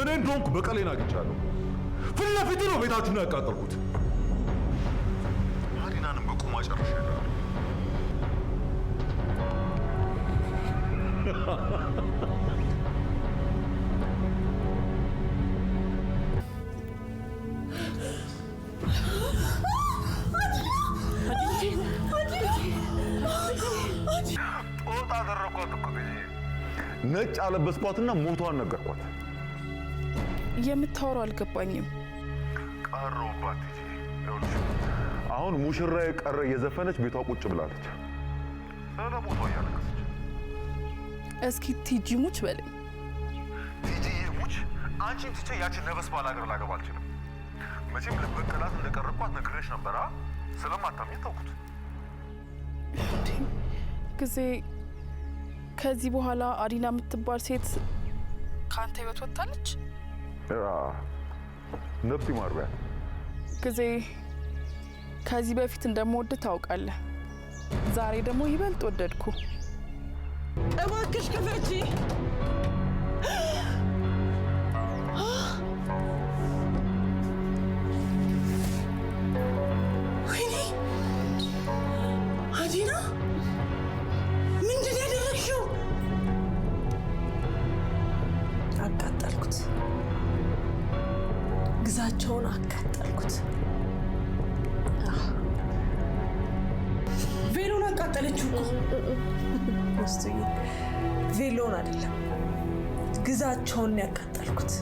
እኔ እንደሆንኩ በቀሌን አግኝቻለሁ። ፊት ለፊት ነው ቤታችሁን ያቃጠልኩት። አሪናንም በቁማ ጨርሻለሁ። ጦጣ አደረኳት እኮ ነጭ አለበስኳትና ሞቷን ነገርኳት። የምታወራው አልገባኝም። ቀረውባት አሁን ሙሽራ የቀረ እየዘፈነች ቤቷ ቁጭ ብላለች። ስለ ቦቷ እያለቀሰች እስኪ ቲጂ ሙች በለኝ። ቲጂ ሙች አንቺም ትቼ ያችን ነበስ ባላገር ላገባ አልችልም። መቼም ልበቀላት እንደቀረብኳት ነግሬሽ ነበር። ስለማታምኝ ተውኩት። ጊዜ ከዚህ በኋላ አዲና የምትባል ሴት ከአንተ ህይወት ወጥታለች። ነፍስ ይማርቢያ ጊዜ ከዚህ በፊት እንደምወድ ታውቃለህ። ዛሬ ደግሞ ይበልጥ ወደድኩ። እባክሽ ክፈቺ አቃጠልኩት። ግዛቸውን አቃጠልኩት። ቬሎን አቃጠለችው ቬሎን አይደለም ግዛቸውን ያቃጠልኩት።